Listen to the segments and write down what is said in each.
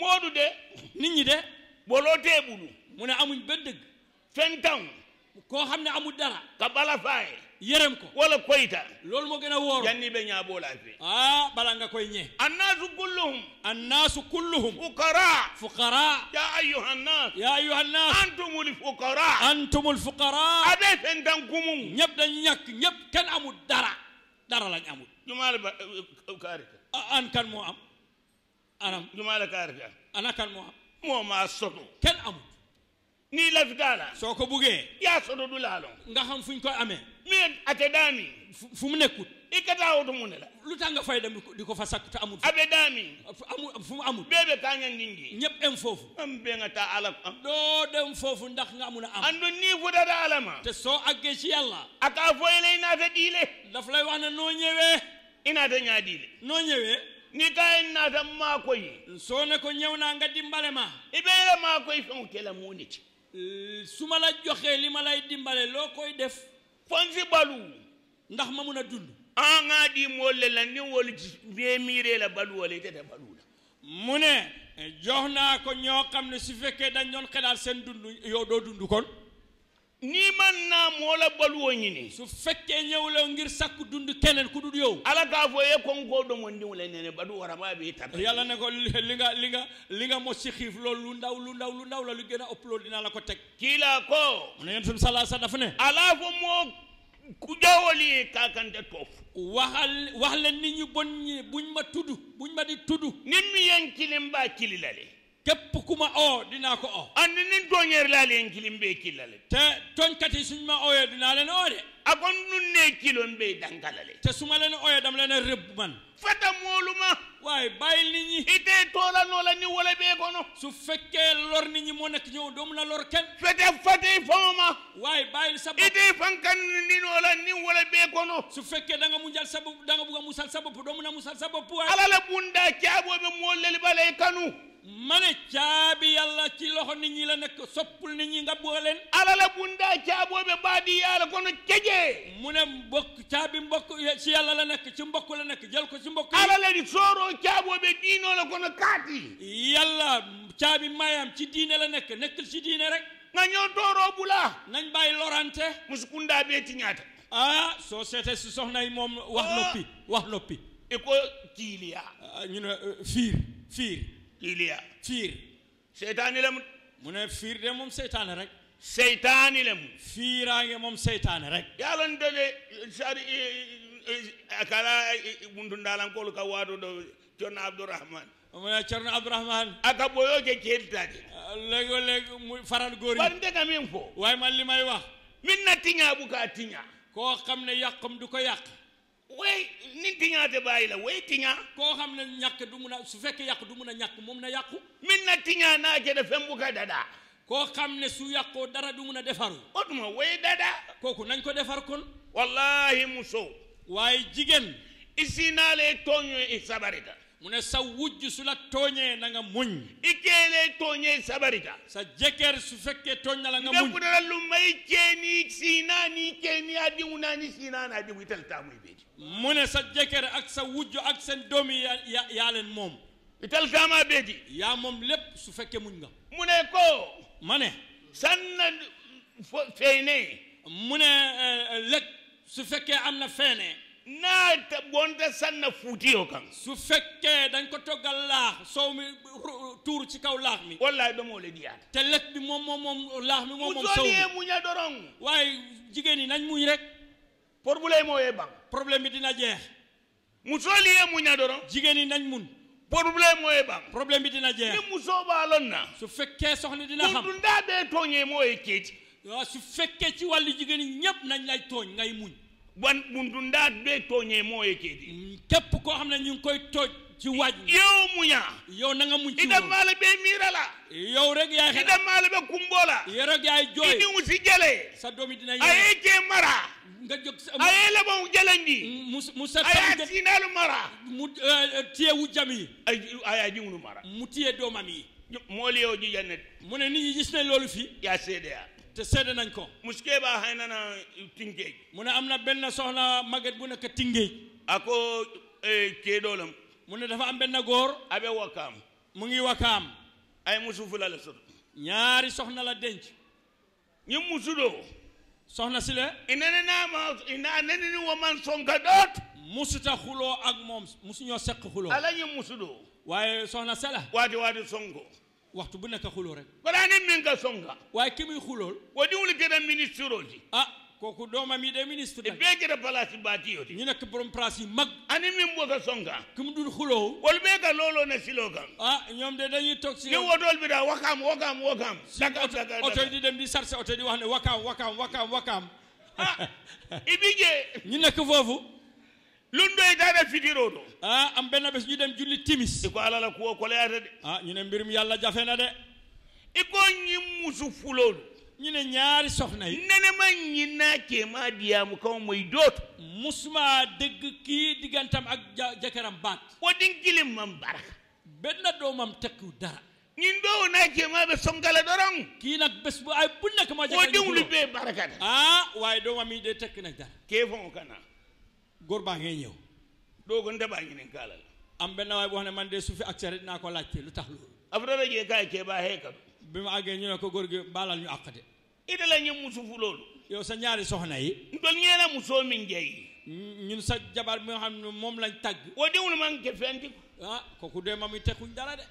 moodu de nit ñi de boloo teebulu mu ne amuñ ba dëgg fentan koo xam ne amul dara ka bala faaye yërëm ko wala koyta loolu moo gën a wóor janni be ñaa boolaa fe ah bala nga koy ñe annaasu kulluhum annaasu kulluhum fuqara fuqara ya ayuha annas ya ayuha annas antumul fuqara antumul fuqara ade fentan kumun ñëpp dañ ñàkk ñëpp kenn amul dara dara lañ amul jumaal ba kaarita an kan moo am aram duma la ka arja ana kan mo mo ma soto ken amu ni lafdala soko buge ya soto dulalo nga xam fuñ ko amé min ate dami fu mu nekkut ikata wutu mu ne la lu tax nga fay dem di ko fa sakk te amul abe dami amul fu mu amul bébé kaña ndingi ñep em foofu am be nga ta ala am doo dem foofu ndax nga amul am andu ni fudada alama te soo àggee ci yàlla aka foyle inaata diile daf lay wax ne noo ñëwee inaata ñaa diile noo ñëwee nikaye nata mumakoyi nsone ko ñewnanga dimbale ma iɓeyre makoyi feŋotela muniti sumala joxe li ma lay dimbale loo koy def fonsi balu ndax ma mun a dund an ŋa di moolu le la niŋ wolu bee miiree la baluwo la itete balu la mu ne jox naa ko ñoo xam ne su fekkee dañ doon xelaat seen dund yow doo dund kon ni man naa moo la baluwo ñi ni su fekkee ñëw la ngir sàkk dund keneen ku dul yow ala kaa fo ye konkoo domondiŋo le nene badu warama bi tata yàlla ne ko li nga li nga li nga mos si xiif loolu lu ndaw lu ndaw lu ndaw la lu gën a ëpp loolu dinaa la ko teg kii laa ko mu ne yéen tam sala sa dafa ne alaa fo moo kujawoli ye kaakante toof waxal wax la nit ñu bon ñi buñ ma tudd buñ ma di tudd ni mi yen kilim baa kili la le képp ku ma oo dinaa ko oo andi nin tooñeer laa leen kilim bee killa le te tooñkat yi suñ ma ooyee dinaa leen oo de a kon nun nee kilon bee dankala le te su ma o ooyee dama leen rëbb man fata moolu ma waaye bàyyil nit ñi itee toola noo la ni wala bee kono su fekkee lor nit ñi moo nekk ñëw doo mun a lor kenn fete fatee faŋo ma waaye bàyyil sa bopp itee fankan ni noo la ni wala bee kono su fekkee da nga munjal sa bopp da nga bugg a musal sa bopp doo mun a sa bopp waaye ala la bundaa caaboo be ma ne caabi yàlla ci loxo ni ñi la nekk soppul nit ñi nga boo leen alala bunda caaboobe baadi yàlla kono cejee mu ne mbokk caabi mbokk ci yàlla la nekk ci mbokk la nekk jël ko ci mbokk alala di sooroo caaboobe diinoo la kono kaati yàlla caabi mayaam ci diine la nekk nekkul ci diine rek nga ñoo tooroo bu nañ bàyyi lorante musukunda bee ti ñaata ah soo si soxna yi moom wax noppi ah. wax noppi e ko ciiliya ah, ñu ne euh, fiir fiir iliya fiir seytaani la mu mu ne fiir de moom seytaane rek seytaani la mu fiiraange moom seytaane rek yaalan dode sari kala mundundalankoolu ka waado ɗo conna abdourahmane mu ne ceerno abdourahmane aka ɓoyo je ceelitade léego léego mu faral góor yi war ndega min fo waaye man may wax min na tiñaa bu kaa tiñaa koo xam ne yàqam du ko yàq way ni tiñaate bàyyi la way tiñaa koo xam ne ñàkk du mun a su fekkee yàqu du mun a ñàkk moom na yàqu min na tiñaa naa ke da fen bu ka dadaa koo xam ne su yàqoo dara du mun a defaru otuma way dadaa kooku nañ ko defar kon wallahi muso waaye jigéen i si naa lee tooñoo i mune sa wujju sula toñe nanga muñ ikele toñe sabarita sa jeker su fekke toñna la nga muñ be pudara lumay keni sinani keni adi unani sinana adi wital tamuy be mune sa jeker ak sa wujju ak sen domi ya len mom ital tama beji ya mom lepp su fekke muñ nga mune ko mané sanna fene mune lek su fekke amna fene naa bonta sanna fuutiyoo kan su fekkee dañ ko toggal laax soow mi tuur ci kaw laax mi wallaay doomoo le diyaat te lekk bi moom moom moom laax mi moom moom soow mi muñ a dorong waaye jigéen yi nañ muñ rek pour bu lay mooyee bang problème bi dina jeex musool yee muñ a dorong jigéen yi nañ mun problème mooy ba problème bi dina jeex ni musoo baaloon na su fekkee soxna dina xam dundaa bee tooñee mooy kéeti waaw su fekkee ci wàllu jigéen ñi ñëpp nañ lay tooñ ngay muñ wan bundu ndaa bee tooñee mooyee keedi mm, képp koo xam ne ñu ngi koy tooj ci waaj yow muña yow na nga muñ ci itam maala bee miira la yow rek yaay xel itam maala bee kumboo la yow rek yaay jooy ini wusi jale sa doom yi dina ayee kee mara nga jóg sa ayee labaw jalandi mm, mu sa ayee siinaalu mu euh, euh, tiye wu jam yi ay ayaa jiwlu mara mu tiye doomam yi moolu yow mu ne nit ñi gis loolu fii yaa seede yaa te seede nañ ko muske ba hayna na tingeej mu ne am na benn soxna maget bu nekk tingeej ako eh, keedoolam mu ne dafa am benn góor abe wakaam mu ngi wakaam ay musu fula la ñaari soxna la denc ñi musudoo soxna si le inene naama ina nenini woman sonka doot musuta xuloo ak moom musuñoo seq xuloo ala ñi musudoo waaye soxna sala waati waati sonko waxtu bu nekk xuloo rek baranin min ka songa waaye ki muy xulool wadiwul gëna ministre o ti ah kooku doomam yi de ministre nag e bee gëna place baati ti ñu nekk borom place yi mag ani min boo ka songa ki dul xuloo wolu bee ka looloo ne siloo ah ñoom de dañuy toog si ni wotool bi daa wakaam wakaam wakaam i oto ne wakaam wakaam wakaam wakaam ah ibi jee ñu nekk foofu Lundo e daane fidiro do ah am benna bes ñu dem julli timis iko ko ko koleyaata de ah ñu ne mbirum yalla jafé na de iko ñi musu fulol ñu ne ñaari soxna yi ne ma ñi ke ma diam ko moy dot musma dëgg ki digantam ak jakaram baat wo dinkilim mam baraka do mam tekku dara ñin na ke ma be songala dorong ki nak bes bu ay bu nekk ma jakaram wo diwlu bee baraka de ah do mam mi de tekk nak dara ke fon kana góor baa ngay ñëw dogo ndaba ngi nin kala am benn waay boo xam ne man de su fi ak saret naa ko laajtee lu tax loolu abdara je kay ke ba heka bi ma àggee ñu ne ko góor gi baalal ñu àq de ida la ñu musu fu loolu yow sa ñaari soxna yi ndol ñeena musoo min jeyi ñun sa jabar bi nga xam ne moom lañ tagg o diwul man ke fenti ah kooku de ma muy tekkuñ dara de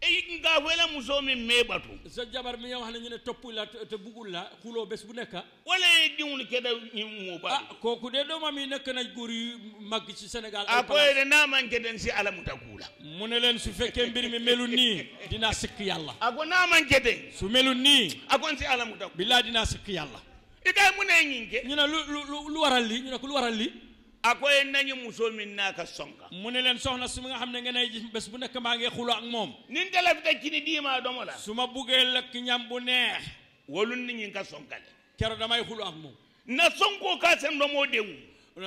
eyik nga wela muso min meɓatu so jabar mi yaw ne ñine toppula te bugul la xuloo bés bu nekka wala ye diŋol keda ñin ah, muɓa kooku de ɗoma mi nekk na gori mag ci sénégal a koyede naman keden si ala muta la mu ne leen su fekkee mbir mi melu nii dina sikk yàlla a ko naman keden su melu nii a kon si ala muta kuula billaa dina sikk yàlla i kay mu ne ñinke ñu ne lu lu lu waral li ñu ne ko lu waral li akoye nañu muso min naa ka sonka mu ne leen soxna su nga xam ne ngeen ay gis bés bu nekk maa ngi xulo ak moom nin te lafita cini diima domo la suma ma buggee lekk ñam bu neex wolun ni ñi ka sonkale kero damay xuloo ak moom na sonkoo kaa seen domoo dewu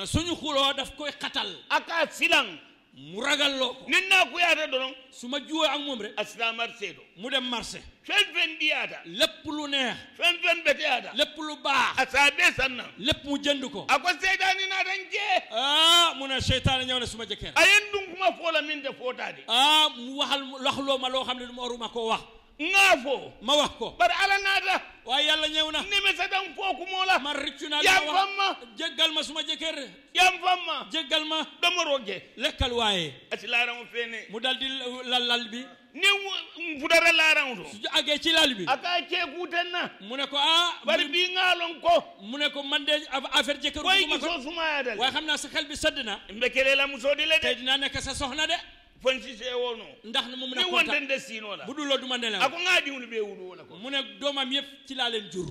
suñu xuloo daf koy xatal aka silang mu ragal loo ko nin naa kuyaata doroŋ su ma juwoo ak moom rek asilaamar seedo mu dem marché feŋ feŋ diyaata lépp lu neex feŋ feŋ beteyaata lépp lu baax a saa bee sanna lépp mu jënd ko a ko seytaani naatan jee ah mu ne seytaani ñëw ne su ma jëkkër a yen dun kuma foo la min te footaade ah mu waxal wax loo ma loo xam ne du ma waruma koo wax ŋaafoo ma wax ko bari ala naata waaye yàlla ñëw na nimesatan fooku moo la ma rëccu naa yam fam ma jéggal ma suma jëkkër yam fam ma jéggal ma domoroo je lekkal waaye ati laaraŋo feene mu daldi lal lal bi ni nfudara laaraŋo to su agee ci lal bi a kaa ceekuuten na mu ne ko a ah, bari bii ŋaalon ko mu ne ko man de affaire jëkkër koy gisoo sumaaya waaye xam naa sa xel bi sedd na mbe kelee di le de tey dinaa nekk sa de fonsise wono ndax na mum na ni wonde nde sino la budul lo duma ndela ako ngadi wulu be wulu ko mune doma mi yef ci laa leen jur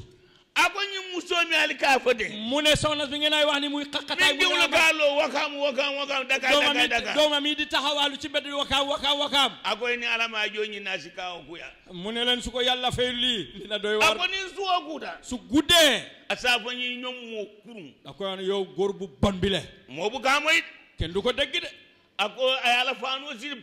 ako ñi musomi ali ka fode ne soxna bi ngeen ay wax ni muy xaqataay bu ngeen ka lo wakam wakam wakam daka daka daka doma mi di taxawalu ci bedd wakam wakam wakam ako ni alama joni nasi ka o kuya ne len su ko yalla fay li dina doy war ako ni su o guda su gudde asafo ñi ñom mo kurum ako yow gor bu bon bi le mo bu ka moy ken du ko degg de ak o ayala faano sirib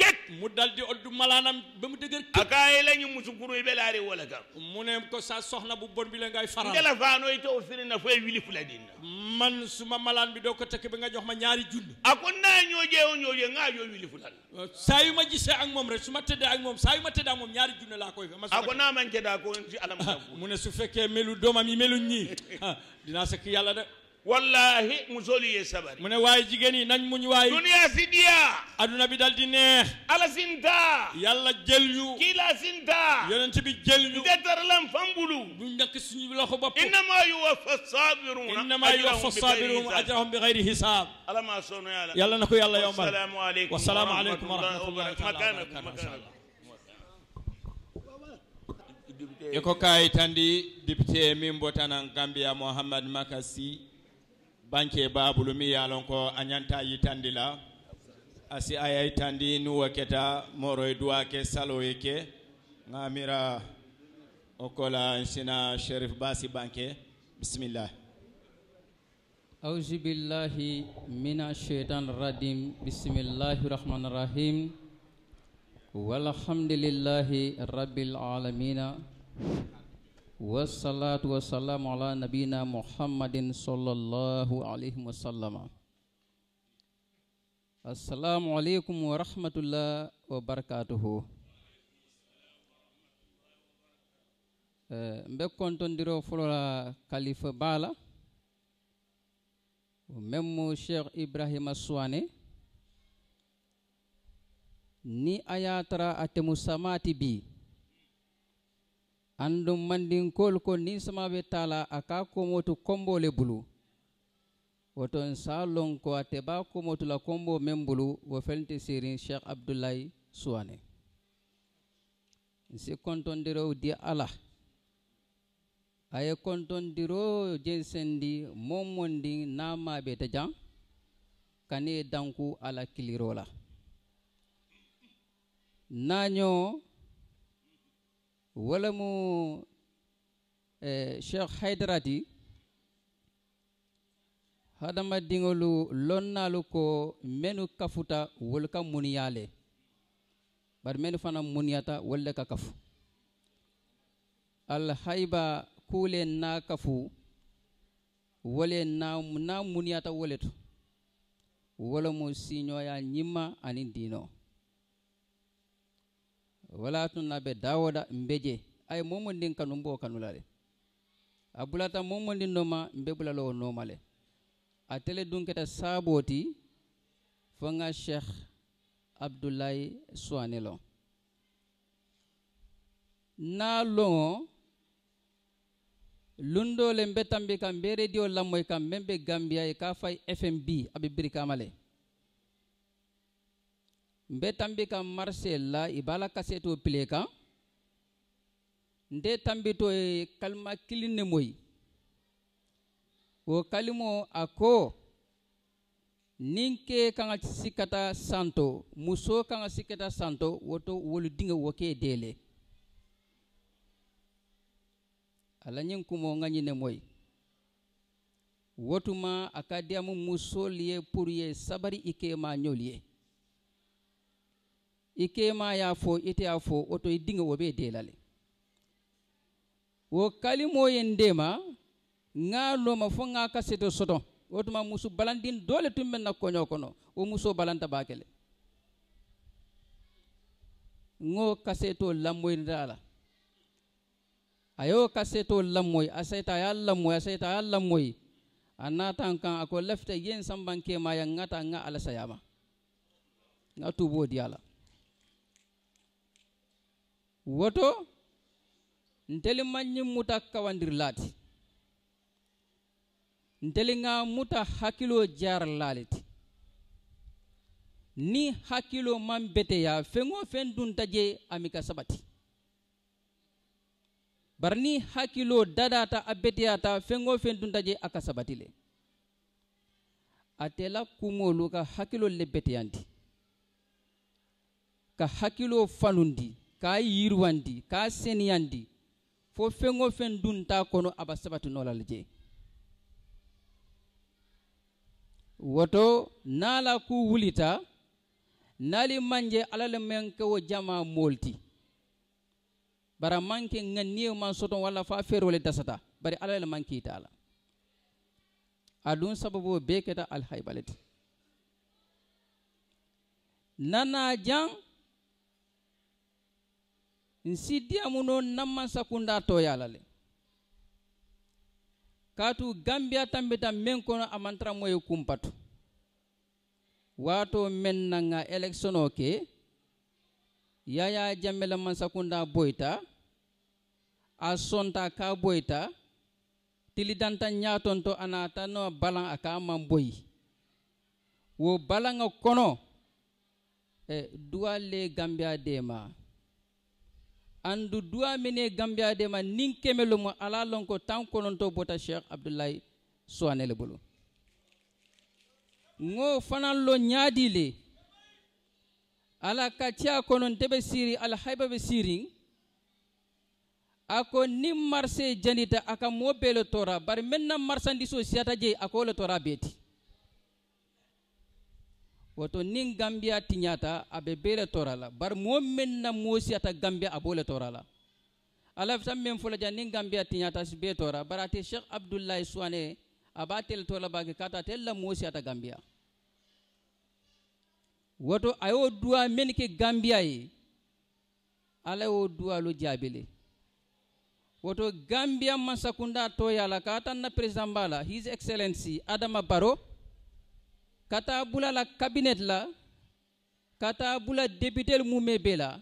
tek mu daldi oddu malaanam ba mu dëgër akaye lañu musukuruy ɓe laari wala kam mu ne ko sa soxna bu bon bi la ngay faral ngela faanoy taw sirina foye wili fula dinna man suma malaan bi doo ko tekk ba jox ma ñaari junni akon naa ñooje o ñooje ngaa ma gisee ak moom rek su ma tëddee ak moom saa ma tëddee ak moom ñaari junni laa koy fa ako naa man ke daa fekkee melu doomam yi meluñ ñii dinaa sekk yàlla de والله مزولي سبري من واي جيني نان مون واي دنيا سيديا ادنا بي دال دي نيه الا زينتا يالا جيليو كي لا زينتا يونت بي جيليو دتر لام فامبلو دو نك سني لوخو باب انما يوفى الصابرون انما يوفى الصابرون اجرهم بغير حساب الا ما سون يالا يالا نكو يالا يوم السلام عليكم والسلام عليكم ورحمه الله وبركاته مكانكم مكانكم يكو كاي تاندي ديبتي ميمبوتانان غامبيا محمد Banki ba bulumi yalonko anyanta yitandi la asi aya yitandi nu waketa moro edua ke salo eke ngamira okola nsina sherif basi banki bismillah auzubillahi minashaitanirrajim bismillahirrahmanirrahim walhamdulillahi rabbil alamin wassalatu wassalamu ala nabina Muhammadin sallallahu alaihi wasallam Assalamu alaikum warahmatullahi wabarakatuh mbe kontondiro fulola kalifa bala memmo cheikh ibrahima suwane ni ayatara atemu samati bi andum kol ko nin be tala a motu kombo le bulu woton salon ko ba ko motu la kombo mem bulu wo felti sirin cheikh abdoulaye suwane nsi diro di ala a ye kontondiro jensendi momondi namaɓe be tajan kani danku ala kiliro la wala mu eh, Cheikh Haydarati dingolu lonnalu ko menu kafuta wolu ka muniya le bari mennu fana muniyata wolu ka kafu alhayba kule na kafu wole na na muniyata wole to wala mu siñoya ñimma aniŋ diinoo wala tun be dawoda mbeje ay momondin kanu mbo kanulale a bulata momondin noma mbe bulalowo nomale a tele dun keta saaboti fo nga cheikh abdoulaye suwane na loŋo lundo mbe tambi kam be radio lamoy kam men be e ka fay fmb aɓe birikama n tambi ka marsel la i bala kaseto pile eh, kan n te tanbito ye kalima kilin ne moyi o kalimo a ko nin ke kan ka sikata santo muso kan ka sikata santo woto wolu dinge wo ke dele ala ñiŋ kumo ŋa ne moyi wotuma a ka diyamu musolu ye puru ye sabari i ma ñolu ye i kema ya fo ite ya fo oto i dinga wo be delale wo kalimo ye ndema ŋa loma fo ŋa ka soto wo tuma musu balandin dole tun be na koño kono wo muso balanta bakele ŋo kaseto lammoyinita la a yo kaseto lammoy a sayita a ye lammoy a sayita a ye lammoy a naatan kan a ko lafita yen samban kemaya ŋata ŋa alasayama ŋa tubo di a la woto nteli manñi muta kawandirlaati nteli ŋa muta hakkiloo jaaralaale ti ni hakkilo maŋ beteya feŋ o feŋ dunta je ami ka sabati bari ni hakkilo dadata a beteyata feŋ o feŋ dunta je a ka sabati le atela la kumoolu ka hakkilolu le beteyandi ka hakkilo fanundi k'a yiriwandi k'a seniyandi fo fɛn o fɛn dun t'a kɔnɔ a sabati n'o la je woto n'a la k'u wulita n'ali manje ala le meŋ ke wo jama moolti bara maŋ ke ŋa maŋ sotoŋ walla fo a feeroo le dasata bari ala le maŋ kiita a la a duŋ sababoo bee keta alhayiba le ti nana jaŋ nsiddiyamu muno namman sakunda toyala le katu gambia tambita men kono amantara moye kumpatu waato men nanga électiono ke yaya jammela mansakunda boyta a sonta ka boyta tilidanta ñaatonto anata no balan a ka man boyi wo balanga kono e eh, duwalle gambiya dema andu duwa mene gambiyadema nin kemelo mo ala lon ko tan kononto bota cheikh abdoulaye soane le bolo ŋo fanan lo ñaadi le ala kaciya kononte be siri alhayba be sirin a ko ni marse janita aka ka moo bee le tora bari meŋ na marsandiso siyata je a ko le tora beeti woto nin gambia tiñata abe bele torala bar mo men na mosiyata gambia abole torala ala fita men fola ja nin gambia tiñata si be tora bar ate cheikh abdoulaye suwane aba tel tola bake kata tel la mosiyata gambia woto ayo duwa men ke gambia ye ala yo duwa lo jaabele woto gambia mansakunda toyala ka tan na président bala his excellency adama baro kata bula la kabinet la kata bula debitelu mume be la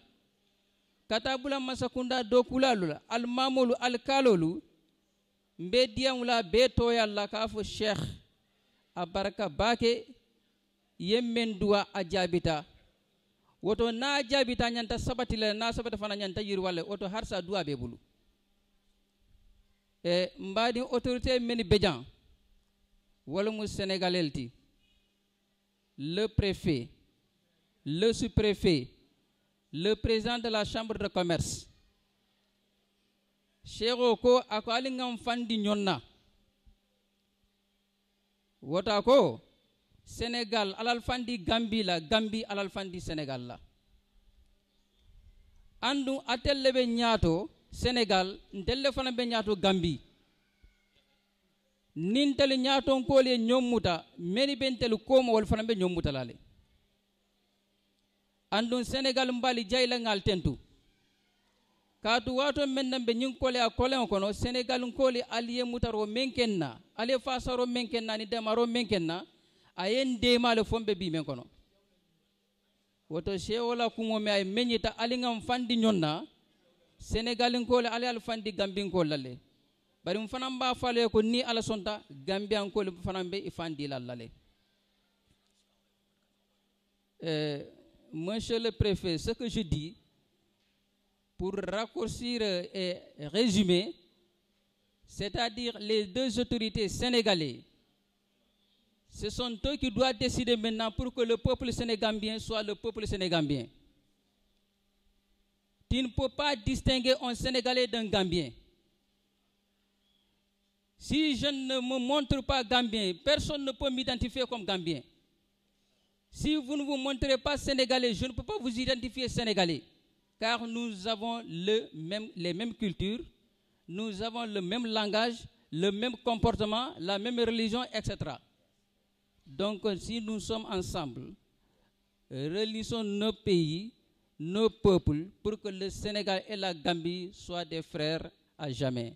kata bula masakunda dokulalu la alimamolu alikalolu n be diyaŋo la bee tooyal la k'a fo sheikh a baraka baake ye men duwa a jaabita woto n'a jaabita ñanta sabati le n'a sabati fana ñanta yiriwa le woto harisa duwa be bulu e n autorité meni bejan wala mu sénégalel ti le préfet, le sous-préfet, le président de la chambre de commerce. Chéroko, ko quoi alingam fandi nyonna. Wota ko Sénégal Alalfandi fandi Gambie la Gambie alal fandi Sénégal la. Andu atel lebe nyato Sénégal ntelle fana be nyato Gambie. nintelu ñaatonkole ñommuta meni bentelu komowol fana be ñommutalale andun sénégal mbali jaylangal tentu kaatu waato men nan be ñin kole a kolen kono sénégal nkoli aliye mutaro men ken na aliye fasaro men ken na ni damaro men ken na a ye n deemale fon be bii men kono woto sewola kuŋo me a ye meñita ali ŋan fandi ñon na sénégal nkoli ali al fandi gambinkolla le monsieur le préfet, ce que je dis, pour raccourcir et résumer, c'est-à-dire les deux autorités sénégalaises, ce sont eux qui doivent décider maintenant pour que le peuple sénégambien soit le peuple sénégambien. Tu ne peux pas distinguer un Sénégalais d'un Gambien. Si je ne me montre pas gambien, personne ne peut m'identifier comme gambien. Si vous ne vous montrez pas sénégalais, je ne peux pas vous identifier sénégalais. Car nous avons les mêmes cultures, nous avons le même langage, le même comportement, la même religion, etc. Donc si nous sommes ensemble, relissons nos pays, nos peuples, pour que le Sénégal et la Gambie soient des frères à jamais.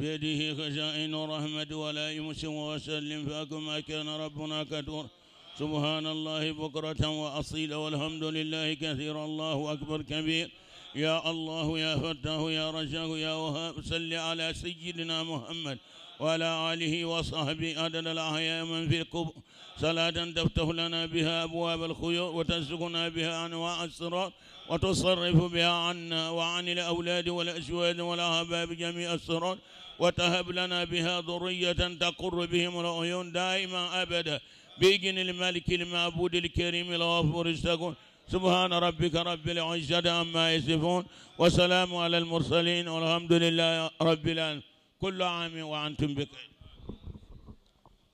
بيده خزائن رحمة ولا يمس وسلم فأكن ما كان ربنا كدور سبحان الله بكرة وأصيلا والحمد لله كثيرا الله أكبر كبير يا الله يا فتاه يا رجاه يا وهاب صل على سيدنا محمد وعلى آله وصحبه عدد الأحياء من في القبر صلاة تفتح لنا بها أبواب الخيور وتسلكنا بها أنواع الصراط وتصرف بها عنا وعن الأولاد والأزواج والأحباب جميع الصراط وتهب لنا بها ذرية تقر بهم العيون دائما أبدا بإذن الملك المعبود الكريم الغفور الشكور سبحان ربك رب العزة عما يصفون وسلام على المرسلين والحمد لله رب العالمين كل عام وأنتم بخير